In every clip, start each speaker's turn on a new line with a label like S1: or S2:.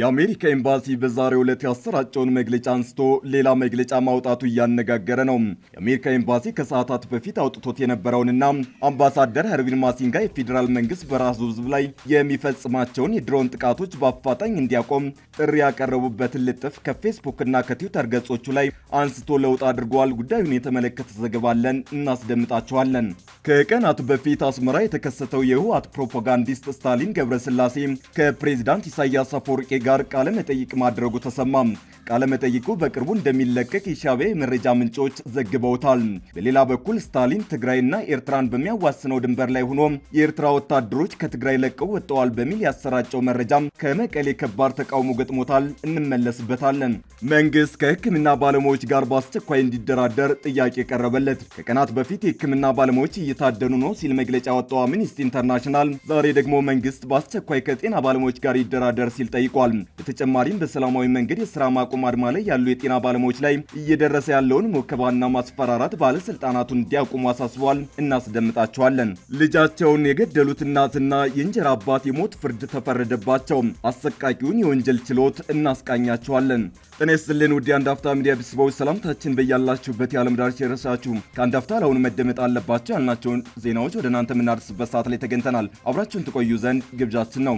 S1: የአሜሪካ ኤምባሲ በዛሬው ዕለት ያሰራጨውን መግለጫ አንስቶ ሌላ መግለጫ ማውጣቱ እያነጋገረ ነው። የአሜሪካ ኤምባሲ ከሰዓታት በፊት አውጥቶት የነበረውንና አምባሳደር ሀርቪን ማሲንጋ የፌዴራል መንግስት በራሱ ህዝብ ላይ የሚፈጽማቸውን የድሮን ጥቃቶች በአፋጣኝ እንዲያቆም ጥሪ ያቀረቡበትን ልጥፍ ከፌስቡክና ከትዊተር ገጾቹ ላይ አንስቶ ለውጥ አድርገዋል። ጉዳዩን የተመለከተ ዘገባለን እናስደምጣቸዋለን። ከቀናት በፊት አስመራ የተከሰተው የህወሓት ፕሮፓጋንዲስት ስታሊን ገብረስላሴ ከፕሬዚዳንት ኢሳያስ አፈወርቂ ጋር ቃለ መጠይቅ ማድረጉ ተሰማም። ቃለ መጠይቁ በቅርቡ እንደሚለቀቅ የሻቢያ የመረጃ ምንጮች ዘግበውታል። በሌላ በኩል ስታሊን ትግራይና ኤርትራን በሚያዋስነው ድንበር ላይ ሆኖ የኤርትራ ወታደሮች ከትግራይ ለቀው ወጥተዋል በሚል ያሰራጨው መረጃም ከመቀሌ ከባድ ተቃውሞ ገጥሞታል። እንመለስበታለን። መንግስት ከህክምና ባለሙያዎች ጋር በአስቸኳይ እንዲደራደር ጥያቄ ቀረበለት። ከቀናት በፊት የህክምና ባለሙያዎች እየታደኑ ነው ሲል መግለጫ ያወጣው አምኒስቲ ኢንተርናሽናል ዛሬ ደግሞ መንግስት በአስቸኳይ ከጤና ባለሙያዎች ጋር ይደራደር ሲል ጠይቋል። ተናግረዋል። በተጨማሪም በሰላማዊ መንገድ የስራ ማቆም አድማ ላይ ያሉ የጤና ባለሙያዎች ላይ እየደረሰ ያለውን ወከባና ማስፈራራት ባለስልጣናቱ እንዲያቆሙ አሳስበዋል። እናስደምጣቸዋለን። ልጃቸውን የገደሉት እናትና የእንጀራ አባት የሞት ፍርድ ተፈረደባቸው። አሰቃቂውን የወንጀል ችሎት እናስቃኛቸዋለን። ጤና ይስጥልን ውድ አንዳፍታ ሚዲያ ቤተሰቦች፣ ሰላምታችን በያላችሁበት የዓለም ዳርቻ የረሳችሁ ከአንዳፍታ ለአሁኑ መደመጥ አለባቸው ያልናቸውን ዜናዎች ወደ እናንተ የምናደርስበት ሰዓት ላይ ተገኝተናል። አብራችሁን ትቆዩ ዘንድ ግብዣችን ነው።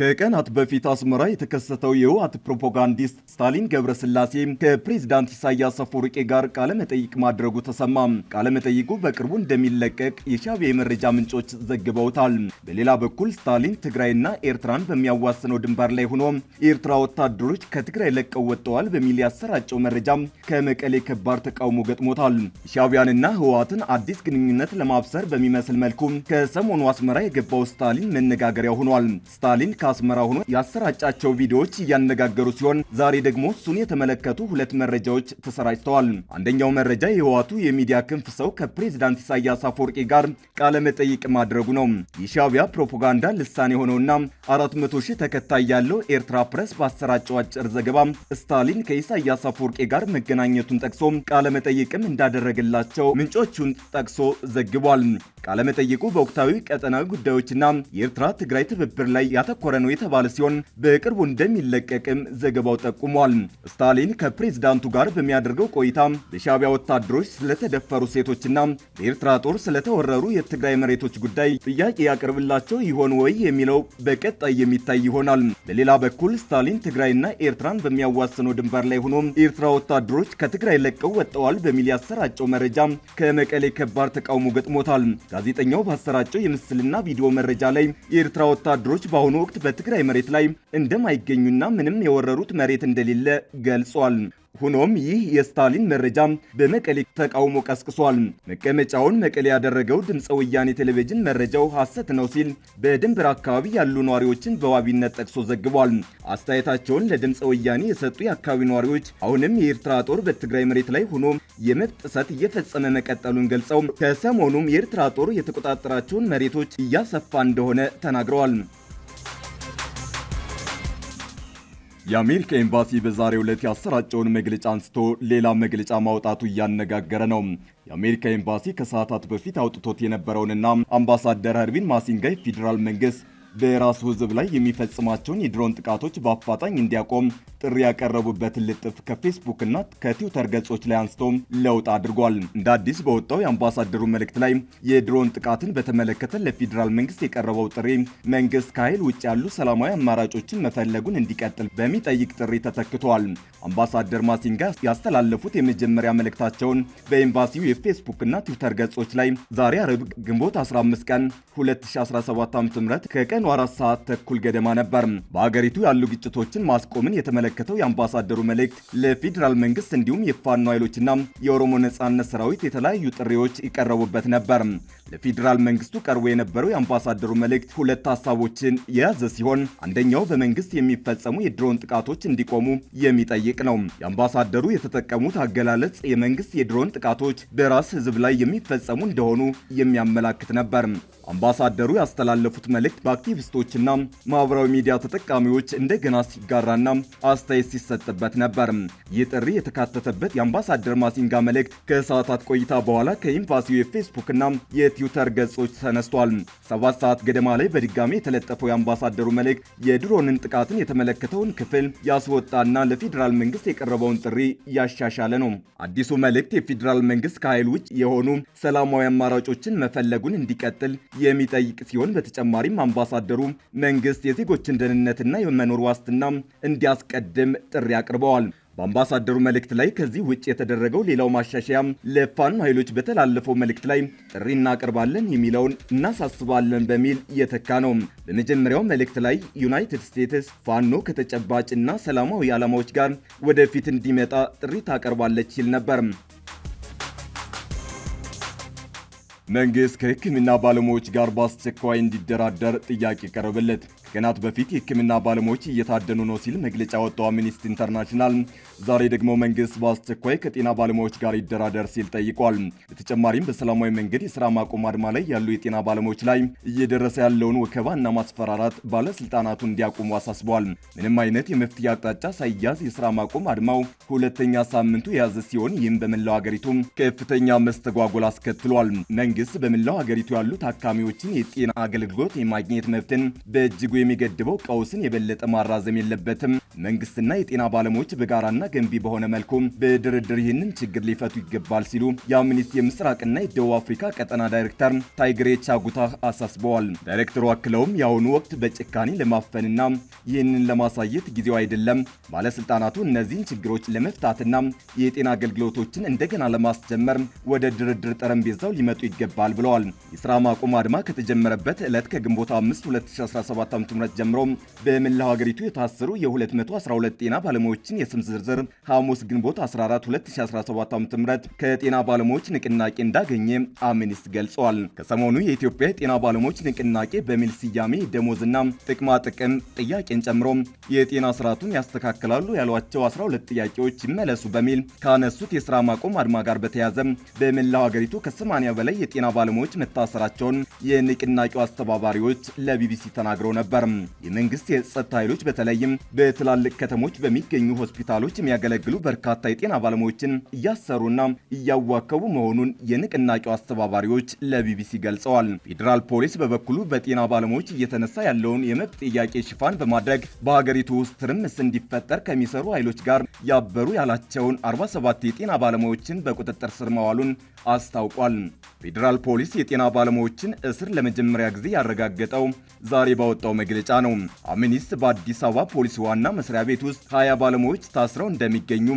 S1: ከቀናት በፊት አስመራ የተከሰተው የህወሓት ፕሮፓጋንዲስት ስታሊን ገብረስላሴ ከፕሬዚዳንት ኢሳያስ አፈወርቂ ጋር ቃለመጠይቅ ማድረጉ ተሰማ። ቃለመጠይቁ በቅርቡ እንደሚለቀቅ የሻቢያ የመረጃ ምንጮች ዘግበውታል። በሌላ በኩል ስታሊን ትግራይና ኤርትራን በሚያዋስነው ድንበር ላይ ሆኖ የኤርትራ ወታደሮች ከትግራይ ለቀው ወጥተዋል በሚል ያሰራጨው መረጃ ከመቀሌ ከባድ ተቃውሞ ገጥሞታል። ሻቢያንና ህወሓትን አዲስ ግንኙነት ለማብሰር በሚመስል መልኩ ከሰሞኑ አስመራ የገባው ስታሊን መነጋገሪያ ሆኗል። ስታሊን ከአስመራ ሆኖ ያሰራጫቸው ቪዲዮዎች እያነጋገሩ ሲሆን ዛሬ ደግሞ እሱን የተመለከቱ ሁለት መረጃዎች ተሰራጭተዋል። አንደኛው መረጃ የህዋቱ የሚዲያ ክንፍ ሰው ከፕሬዚዳንት ኢሳያስ አፈወርቂ ጋር ቃለ መጠይቅ ማድረጉ ነው። የሻቢያ ፕሮፓጋንዳ ልሳን የሆነውና 400 ሺህ ተከታይ ያለው ኤርትራ ፕሬስ ባሰራጨው አጭር ዘገባ ስታሊን ከኢሳያስ አፈወርቂ ጋር መገናኘቱን ጠቅሶ ቃለ መጠይቅም እንዳደረገላቸው ምንጮቹን ጠቅሶ ዘግቧል። ቃለ መጠይቁ በወቅታዊ ቀጠናዊ ጉዳዮችና የኤርትራ ትግራይ ትብብር ላይ ያተኮረ እየተዘዋወረ ነው የተባለ ሲሆን በቅርቡ እንደሚለቀቅም ዘገባው ጠቁሟል። ስታሊን ከፕሬዝዳንቱ ጋር በሚያደርገው ቆይታ በሻቢያ ወታደሮች ስለተደፈሩ ሴቶችና በኤርትራ ጦር ስለተወረሩ የትግራይ መሬቶች ጉዳይ ጥያቄ ያቀርብላቸው ይሆን ወይ የሚለው በቀጣይ የሚታይ ይሆናል። በሌላ በኩል ስታሊን ትግራይና ኤርትራን በሚያዋስነው ድንበር ላይ ሆኖ ኤርትራ ወታደሮች ከትግራይ ለቀው ወጥተዋል በሚል ያሰራጨው መረጃ ከመቀሌ ከባድ ተቃውሞ ገጥሞታል። ጋዜጠኛው ባሰራጨው የምስልና ቪዲዮ መረጃ ላይ የኤርትራ ወታደሮች በአሁኑ ወቅት በትግራይ መሬት ላይ እንደማይገኙና ምንም የወረሩት መሬት እንደሌለ ገልጿል። ሆኖም ይህ የስታሊን መረጃ በመቀሌ ተቃውሞ ቀስቅሷል። መቀመጫውን መቀሌ ያደረገው ድምፀ ወያኔ ቴሌቪዥን መረጃው ሐሰት ነው ሲል በድንበር አካባቢ ያሉ ነዋሪዎችን በዋቢነት ጠቅሶ ዘግቧል። አስተያየታቸውን ለድምፀ ወያኔ የሰጡ የአካባቢ ነዋሪዎች አሁንም የኤርትራ ጦር በትግራይ መሬት ላይ ሆኖ የመብት ጥሰት እየፈጸመ መቀጠሉን ገልጸው ከሰሞኑም የኤርትራ ጦር የተቆጣጠራቸውን መሬቶች እያሰፋ እንደሆነ ተናግረዋል። የአሜሪካ ኤምባሲ በዛሬው ዕለት ያሰራጨውን መግለጫ አንስቶ ሌላ መግለጫ ማውጣቱ እያነጋገረ ነው። የአሜሪካ ኤምባሲ ከሰዓታት በፊት አውጥቶት የነበረውንና አምባሳደር ሀርቪን ማሲንጋ የፌዴራል መንግስት በራሱ ህዝብ ላይ የሚፈጽማቸውን የድሮን ጥቃቶች በአፋጣኝ እንዲያቆም ጥሪ ያቀረቡበትን ልጥፍ ከፌስቡክና ከትዊተር ገጾች ላይ አንስቶ ለውጥ አድርጓል። እንደ አዲስ በወጣው የአምባሳደሩ መልእክት ላይ የድሮን ጥቃትን በተመለከተ ለፌዴራል መንግስት የቀረበው ጥሪ መንግስት ከኃይል ውጭ ያሉ ሰላማዊ አማራጮችን መፈለጉን እንዲቀጥል በሚጠይቅ ጥሪ ተተክቷል። አምባሳደር ማሲንጋ ያስተላለፉት የመጀመሪያ መልእክታቸውን በኤምባሲው የፌስቡክና ትዊተር ገጾች ላይ ዛሬ አረብ ግንቦት 15 ቀን 2017 ዓ.ም ከቀን ከቀኑ አራት ሰዓት ተኩል ገደማ ነበር። በሀገሪቱ ያሉ ግጭቶችን ማስቆምን የተመለከተው የአምባሳደሩ መልእክት ለፌዴራል መንግስት እንዲሁም የፋኖ ኃይሎችና የኦሮሞ ነጻነት ሰራዊት የተለያዩ ጥሪዎች ይቀረቡበት ነበር። ለፌዴራል መንግስቱ ቀርቦ የነበረው የአምባሳደሩ መልእክት ሁለት ሀሳቦችን የያዘ ሲሆን አንደኛው በመንግስት የሚፈጸሙ የድሮን ጥቃቶች እንዲቆሙ የሚጠይቅ ነው። የአምባሳደሩ የተጠቀሙት አገላለጽ የመንግስት የድሮን ጥቃቶች በራስ ህዝብ ላይ የሚፈጸሙ እንደሆኑ የሚያመላክት ነበር። አምባሳደሩ ያስተላለፉት መልእክት በአክቲቪስቶችና ማህበራዊ ሚዲያ ተጠቃሚዎች እንደገና ሲጋራና አስተያየት ሲሰጥበት ነበር። ይህ ጥሪ የተካተተበት የአምባሳደር ማሲንጋ መልእክት ከሰዓታት ቆይታ በኋላ ከኤምባሲው የፌስቡክና የቲ የትዊተር ገጾች ተነስቷል። ሰባት ሰዓት ገደማ ላይ በድጋሚ የተለጠፈው የአምባሳደሩ መልእክት የድሮንን ጥቃትን የተመለከተውን ክፍል ያስወጣና ለፌዴራል መንግስት የቀረበውን ጥሪ እያሻሻለ ነው። አዲሱ መልእክት የፌዴራል መንግስት ከኃይል ውጭ የሆኑ ሰላማዊ አማራጮችን መፈለጉን እንዲቀጥል የሚጠይቅ ሲሆን በተጨማሪም አምባሳደሩ መንግስት የዜጎችን ደህንነትና የመኖር ዋስትና እንዲያስቀድም ጥሪ አቅርበዋል። በአምባሳደሩ መልእክት ላይ ከዚህ ውጭ የተደረገው ሌላው ማሻሻያም ለፋኖ ኃይሎች በተላለፈው መልእክት ላይ ጥሪ እናቀርባለን የሚለውን እናሳስባለን በሚል የተካ ነው። በመጀመሪያው መልእክት ላይ ዩናይትድ ስቴትስ ፋኖ ከተጨባጭና ሰላማዊ ዓላማዎች ጋር ወደፊት እንዲመጣ ጥሪ ታቀርባለች ሲል ነበር። መንግስት ከሕክምና ባለሙያዎች ጋር በአስቸኳይ እንዲደራደር ጥያቄ ቀረበለት። ከቀናት በፊት የህክምና ባለሙያዎች እየታደኑ ነው ሲል መግለጫ ያወጣው አምነስቲ ኢንተርናሽናል ዛሬ ደግሞ መንግስት በአስቸኳይ ከጤና ባለሙያዎች ጋር ይደራደር ሲል ጠይቋል። በተጨማሪም በሰላማዊ መንገድ የስራ ማቆም አድማ ላይ ያሉ የጤና ባለሙያዎች ላይ እየደረሰ ያለውን ወከባ እና ማስፈራራት ባለስልጣናቱ እንዲያቆሙ አሳስቧል። ምንም አይነት የመፍትሄ አቅጣጫ ሳይያዝ የስራ ማቆም አድማው ሁለተኛ ሳምንቱ የያዘ ሲሆን ይህም በመላው ሀገሪቱ ከፍተኛ መስተጓጎል አስከትሏል። መንግስት በመላው ሀገሪቱ ያሉ ታካሚዎችን የጤና አገልግሎት የማግኘት መብትን በእጅጉ የሚገድበው ቀውስን የበለጠ ማራዘም የለበትም። መንግስትና የጤና ባለሙያዎች በጋራና ገንቢ በሆነ መልኩ በድርድር ይህንን ችግር ሊፈቱ ይገባል ሲሉ የአምኒስቲ የምስራቅና የደቡብ አፍሪካ ቀጠና ዳይሬክተር ታይግሬ ቻጉታ አሳስበዋል። ዳይሬክተሩ አክለውም የአሁኑ ወቅት በጭካኔ ለማፈንና ይህንን ለማሳየት ጊዜው አይደለም። ባለስልጣናቱ እነዚህን ችግሮች ለመፍታትና የጤና አገልግሎቶችን እንደገና ለማስጀመር ወደ ድርድር ጠረጴዛው ሊመጡ ይገባል ብለዋል። የስራ ማቆም አድማ ከተጀመረበት ዕለት ከግንቦት 5 2017 ምረት ጀምሮ በመላው ሀገሪቱ የታሰሩ የ212 ጤና ባለሙያዎችን የስም ዝርዝር ሐሙስ ግንቦት 14 2017 ዓ.ም ከጤና ባለሙያዎች ንቅናቄ እንዳገኘ አምኒስት ገልጸዋል። ከሰሞኑ የኢትዮጵያ የጤና ባለሙያዎች ንቅናቄ በሚል ስያሜ ደሞዝና ጥቅማ ጥቅም ጥያቄን ጨምሮ የጤና ስርዓቱን ያስተካክላሉ ያሏቸው 12 ጥያቄዎች ይመለሱ በሚል ካነሱት የስራ ማቆም አድማ ጋር በተያያዘ በመላው ሀገሪቱ ከ80 በላይ የጤና ባለሙያዎች መታሰራቸውን የንቅናቄው አስተባባሪዎች ለቢቢሲ ተናግረው ነበር። ነበር። የመንግስት የጸጥታ ኃይሎች በተለይም በትላልቅ ከተሞች በሚገኙ ሆስፒታሎች የሚያገለግሉ በርካታ የጤና ባለሙያዎችን እያሰሩና እያዋከቡ መሆኑን የንቅናቄው አስተባባሪዎች ለቢቢሲ ገልጸዋል። ፌዴራል ፖሊስ በበኩሉ በጤና ባለሙያዎች እየተነሳ ያለውን የመብት ጥያቄ ሽፋን በማድረግ በሀገሪቱ ውስጥ ትርምስ እንዲፈጠር ከሚሰሩ ኃይሎች ጋር ያበሩ ያላቸውን 47 የጤና ባለሙያዎችን በቁጥጥር ስር መዋሉን አስታውቋል። ፌዴራል ፖሊስ የጤና ባለሙያዎችን እስር ለመጀመሪያ ጊዜ ያረጋገጠው ዛሬ ባወጣው መግለጫ ነው። አምኒስት በአዲስ አበባ ፖሊስ ዋና መስሪያ ቤት ውስጥ ከሀያ ባለሙያዎች ታስረው እንደሚገኙ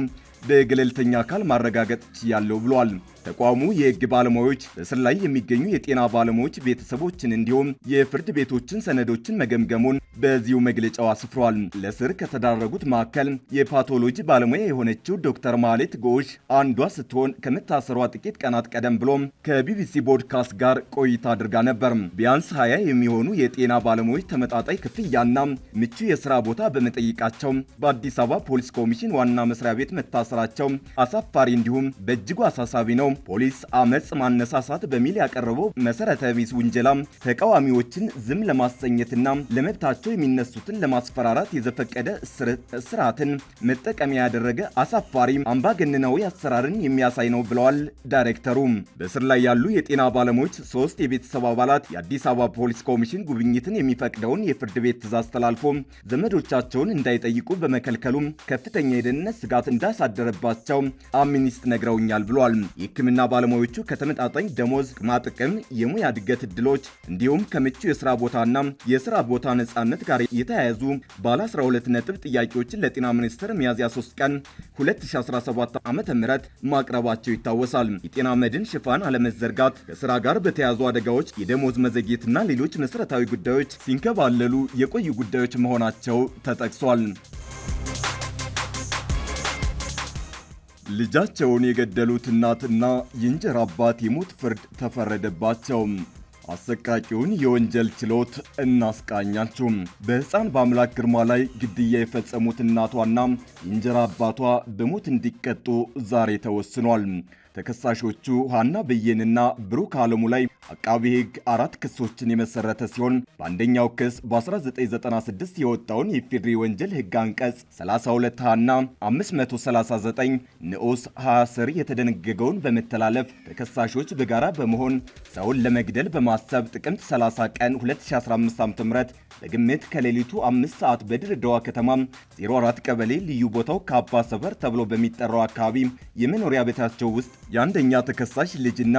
S1: በገለልተኛ አካል ማረጋገጥ ያለው ብሏል። ተቋሙ የህግ ባለሙያዎች በስር ላይ የሚገኙ የጤና ባለሙያዎች ቤተሰቦችን እንዲሁም የፍርድ ቤቶችን ሰነዶችን መገምገሙን በዚሁ መግለጫው አስፍሯል። ለስር ከተዳረጉት መካከል የፓቶሎጂ ባለሙያ የሆነችው ዶክተር ማሌት ጎሽ አንዷ ስትሆን ከመታሰሯ ጥቂት ቀናት ቀደም ብሎም ከቢቢሲ ቦድካስት ጋር ቆይታ አድርጋ ነበር። ቢያንስ ሀያ የሚሆኑ የጤና ባለሙያዎች ተመጣጣይ ክፍያና ምቹ የስራ ቦታ በመጠየቃቸው በአዲስ አበባ ፖሊስ ኮሚሽን ዋና መስሪያ ቤት መታሰራቸው አሳፋሪ እንዲሁም በእጅጉ አሳሳቢ ነው ፖሊስ አመፅ ማነሳሳት በሚል ያቀረበው መሰረተ ቢስ ውንጀላ ተቃዋሚዎችን ዝም ለማሰኘትና ለመብታቸው የሚነሱትን ለማስፈራራት የዘፈቀደ ስርዓትን መጠቀሚያ ያደረገ አሳፋሪ አምባገነናዊ አሰራርን የሚያሳይ ነው ብለዋል ዳይሬክተሩ። በስር ላይ ያሉ የጤና ባለሙያዎች ሶስት የቤተሰብ አባላት የአዲስ አበባ ፖሊስ ኮሚሽን ጉብኝትን የሚፈቅደውን የፍርድ ቤት ትዕዛዝ ተላልፎ ዘመዶቻቸውን እንዳይጠይቁ በመከልከሉም ከፍተኛ የደህንነት ስጋት እንዳሳደረባቸው አሚኒስት ነግረውኛል ብሏል። የህክምና ባለሙያዎቹ ከተመጣጣኝ ደሞዝ፣ ጥቅማጥቅም፣ የሙያ እድገት እድሎች እንዲሁም ከምቹ የስራ ቦታና የስራ ቦታ ነጻነት ጋር የተያያዙ ባለ 12 ነጥብ ጥያቄዎችን ለጤና ሚኒስቴር ሚያዝያ 3 ቀን 2017 ዓ ም ማቅረባቸው ይታወሳል። የጤና መድን ሽፋን አለመዘርጋት፣ ከስራ ጋር በተያያዙ አደጋዎች፣ የደሞዝ መዘግየትና ሌሎች መሰረታዊ ጉዳዮች ሲንከባለሉ የቆዩ ጉዳዮች መሆናቸው ተጠቅሷል። ልጃቸውን የገደሉት እናትና የእንጀራ አባት የሞት ፍርድ ተፈረደባቸው። አሰቃቂውን የወንጀል ችሎት እናስቃኛችሁ። በሕፃን በአምላክ ግርማ ላይ ግድያ የፈጸሙት እናቷና የእንጀራ አባቷ በሞት እንዲቀጡ ዛሬ ተወስኗል። ተከሳሾቹ ሃና በየንና ብሩክ አለሙ ላይ አቃቢ ሕግ አራት ክሶችን የመሰረተ ሲሆን በአንደኛው ክስ በ1996 የወጣውን የፊድሪ ወንጀል ሕግ አንቀጽ 32 ሃና 539 ንዑስ 20 ስር የተደነገገውን በመተላለፍ ተከሳሾች በጋራ በመሆን ሰውን ለመግደል በማሰብ ጥቅምት 30 ቀን 2015 ዓ ም በግምት ከሌሊቱ 5 ሰዓት በድሬዳዋ ከተማ 04 ቀበሌ ልዩ ቦታው ካባ ሰፈር ተብሎ በሚጠራው አካባቢ የመኖሪያ ቤታቸው ውስጥ የአንደኛ ተከሳሽ ልጅና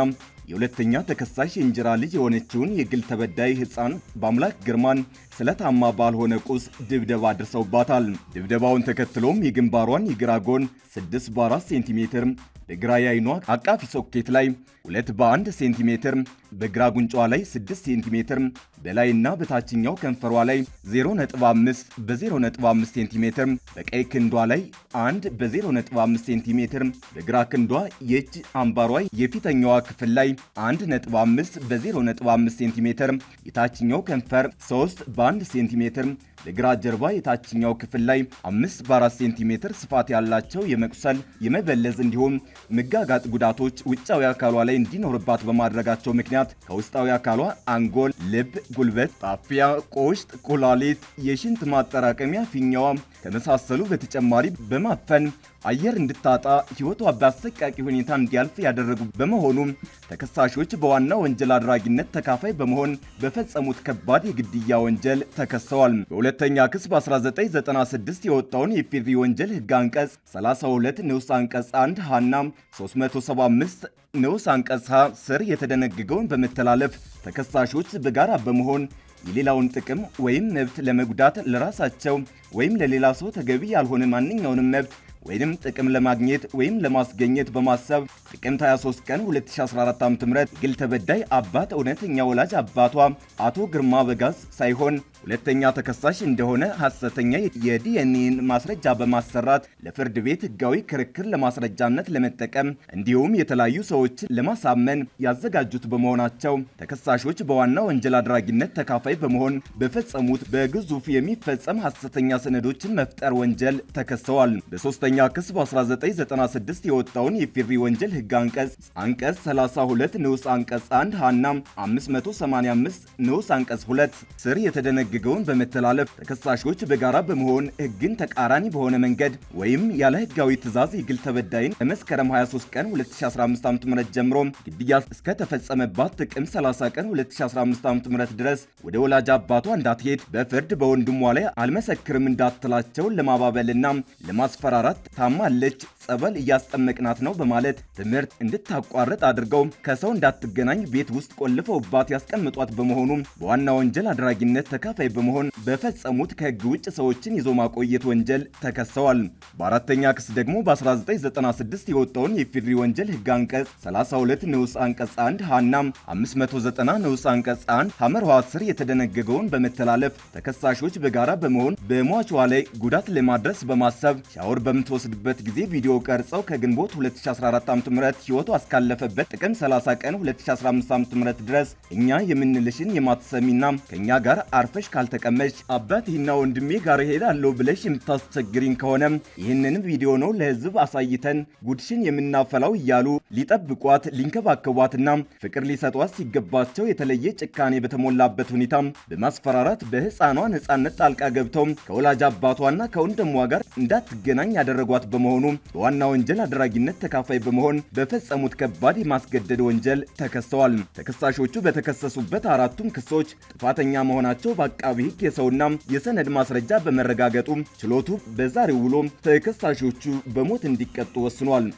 S1: የሁለተኛ ተከሳሽ የእንጀራ ልጅ የሆነችውን የግል ተበዳይ ህፃን በአምላክ ግርማን ስለታማ ባልሆነ ቁስ ድብደባ አድርሰውባታል። ድብደባውን ተከትሎም የግንባሯን የግራ ጎን 6 በ4 ሴንቲሜትር በግራ የአይኗ አቃፊ ሶኬት ላይ ሁለት 1 ሴንቲሜትር በግራ ጉንጯ ላይ 6 ሴንቲሜትር በላይና በታችኛው ከንፈሯ ላይ 0.5 በ0.5 ሴንቲሜትር በቀይ ክንዷ ላይ 1 በ0.5 ሴንቲሜትር በግራ ክንዷ የእጅ አምባሯ የፊተኛዋ ክፍል ላይ 1.5 በ0.5 ሴንቲሜትር የታችኛው ከንፈር 3 በ1 ሴንቲሜትር በግራ ጀርባ የታችኛው ክፍል ላይ 5 በ4 ሴንቲሜትር ስፋት ያላቸው የመቁሰል የመበለዝ እንዲሁም መጋጋጥ ጉዳቶች ውጫዊ አካሏ ላይ እንዲኖርባት በማድረጋቸው ምክንያት ከውስጣዊ አካሏ አንጎል፣ ልብ፣ ጉልበት፣ ጣፊያ፣ ቆሽት፣ ኩላሊት፣ የሽንት ማጠራቀሚያ ፊኛዋ ከመሳሰሉ በተጨማሪ በማፈን አየር እንድታጣ ሕይወቷ በአሰቃቂ ሁኔታ እንዲያልፍ ያደረጉ በመሆኑም ተከሳሾች በዋና ወንጀል አድራጊነት ተካፋይ በመሆን በፈጸሙት ከባድ የግድያ ወንጀል ተከሰዋል። በሁለተኛ ክስ በ1996 የወጣውን የፊሪ ወንጀል ህግ አንቀጽ 32 ንዑስ አንቀጽ 1 ሀና 375 ንዑስ አንቀጽ ሀ ስር የተደነገገውን በመተላለፍ ተከሳሾች በጋራ በመሆን የሌላውን ጥቅም ወይም መብት ለመጉዳት ለራሳቸው ወይም ለሌላ ሰው ተገቢ ያልሆነ ማንኛውንም መብት ወይም ጥቅም ለማግኘት ወይም ለማስገኘት በማሰብ ጥቅምት 23 ቀን 2014 ዓ.ም የግል ተበዳይ አባት እውነተኛ ወላጅ አባቷ አቶ ግርማ በጋዝ ሳይሆን ሁለተኛ ተከሳሽ እንደሆነ ሐሰተኛ የዲኤንኤን ማስረጃ በማሰራት ለፍርድ ቤት ህጋዊ ክርክር ለማስረጃነት ለመጠቀም እንዲሁም የተለያዩ ሰዎችን ለማሳመን ያዘጋጁት በመሆናቸው ተከሳሾች በዋና ወንጀል አድራጊነት ተካፋይ በመሆን በፈጸሙት በግዙፍ የሚፈጸም ሐሰተኛ ሰነዶችን መፍጠር ወንጀል ተከሰዋል። በሶስተኛ ክስ በ1996 የወጣውን የፊሪ ወንጀል ህግ አንቀጽ አንቀጽ 32 ንዑስ አንቀጽ 1 ሀና 585 ንዑስ አንቀጽ 2 ስር የተደነገ የሚደነግገውን በመተላለፍ ተከሳሾች በጋራ በመሆን ህግን ተቃራኒ በሆነ መንገድ ወይም ያለ ህጋዊ ትዕዛዝ የግል ተበዳይን በመስከረም 23 ቀን 2015 ዓ.ም ጀምሮ ግድያ እስከተፈጸመባት ጥቅም 30 ቀን 2015 ም ድረስ ወደ ወላጅ አባቷ እንዳትሄድ በፍርድ በወንድሟ ላይ አልመሰክርም እንዳትላቸው ለማባበልና ለማስፈራራት ታማለች ጸበል እያስጠመቅናት ነው በማለት ትምህርት እንድታቋርጥ አድርገው ከሰው እንዳትገናኝ ቤት ውስጥ ቆልፈውባት ያስቀምጧት በመሆኑም በዋና ወንጀል አድራጊነት ተካፋይ በመሆን በፈጸሙት ከህግ ውጭ ሰዎችን ይዞ ማቆየት ወንጀል ተከሰዋል። በአራተኛ ክስ ደግሞ በ1996 የወጣውን የፊድሪ ወንጀል ህግ አንቀጽ 32 ንዑስ አንቀጽ 1 ሀና 590 ንዑስ አንቀጽ 1 ሐመር ውሃ ስር የተደነገገውን በመተላለፍ ተከሳሾች በጋራ በመሆን በሟቿ ላይ ጉዳት ለማድረስ በማሰብ ሻወር በምትወስድበት ጊዜ ቪዲዮ አድርገው ቀርጸው ከግንቦት 2014 ዓ.ም ሕይወቱ እስካለፈበት ጥቅም 30 ቀን 2015 ዓ.ም ድረስ እኛ የምንልሽን የማትሰሚና ከእኛ ጋር አርፈሽ አባት አባቴና ወንድሜ ጋር እሄዳለሁ ብለሽ የምታስቸግሪኝ ከሆነ ይህንን ቪዲዮ ነው ለህዝብ አሳይተን ጉድሽን የምናፈላው እያሉ ሊጠብቋት ሊንከባከቧትና ፍቅር ሊሰጧት ሲገባቸው የተለየ ጭካኔ በተሞላበት ሁኔታ በማስፈራራት በህፃኗ ነፃነት ጣልቃ ገብተው ከወላጅ አባቷና ከወንድሟ ጋር እንዳትገናኝ ያደረጓት በመሆኑ በዋና ወንጀል አድራጊነት ተካፋይ በመሆን በፈጸሙት ከባድ የማስገደድ ወንጀል ተከሰዋል። ተከሳሾቹ በተከሰሱበት አራቱም ክሶች ጥፋተኛ መሆናቸው በአቃቢ ሕግ የሰውና የሰነድ ማስረጃ በመረጋገጡ ችሎቱ በዛሬው ውሎ ተከሳሾቹ በሞት እንዲቀጡ ወስኗል።